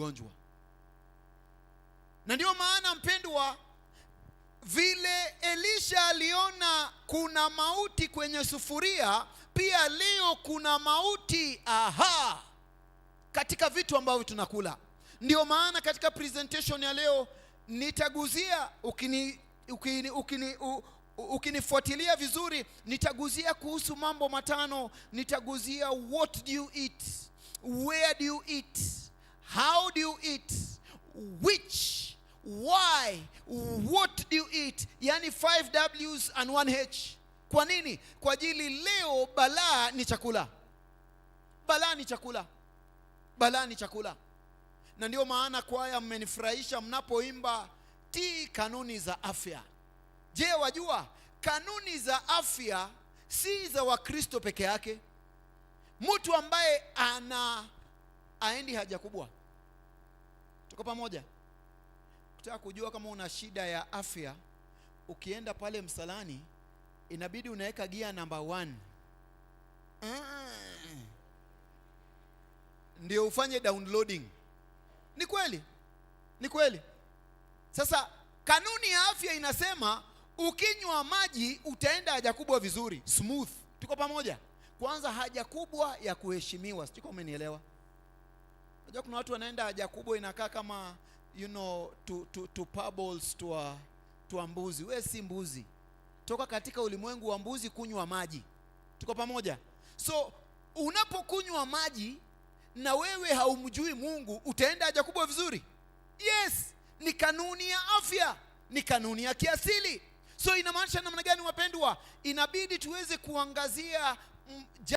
mgonjwa. Na ndiyo maana mpendwa, vile Elisha aliona kuna mauti kwenye sufuria, pia leo kuna mauti aha, katika vitu ambavyo tunakula. Ndiyo maana katika presentation ya leo nitaguzia ukini, ukini, ukini, u, ukinifuatilia vizuri nitaguzia kuhusu mambo matano. Nitaguzia what do you eat, where do you eat, do you eat, which, why, what do you eat, yani 5 W's and 1 H. Kwa nini? Kwa ajili leo balaa ni chakula, balaa ni chakula, balaa ni chakula. Na ndiyo maana kwaya mmenifurahisha mnapoimba ti kanuni za afya. Je, wajua kanuni za afya si za Wakristo peke yake? Mtu ambaye ana aendi haja kubwa Tuko pamoja? kutaka kujua kama una shida ya afya, ukienda pale msalani, inabidi unaweka gia namba one mm. Ndio ufanye downloading. Ni kweli, ni kweli. Sasa kanuni ya afya inasema ukinywa maji utaenda haja kubwa vizuri, smooth. Tuko pamoja? Kwanza haja kubwa ya kuheshimiwa, sijui kama umenielewa. Unajua kuna watu wanaenda haja kubwa inakaa kama you know to to to parables to a to a mbuzi. Wewe si mbuzi, toka katika ulimwengu wa mbuzi kunywa maji. Tuko pamoja? So unapokunywa maji na wewe haumjui Mungu, utaenda haja kubwa vizuri? Yes, ni kanuni ya afya, ni kanuni ya kiasili. So inamaanisha namna gani, wapendwa? Inabidi tuweze kuangazia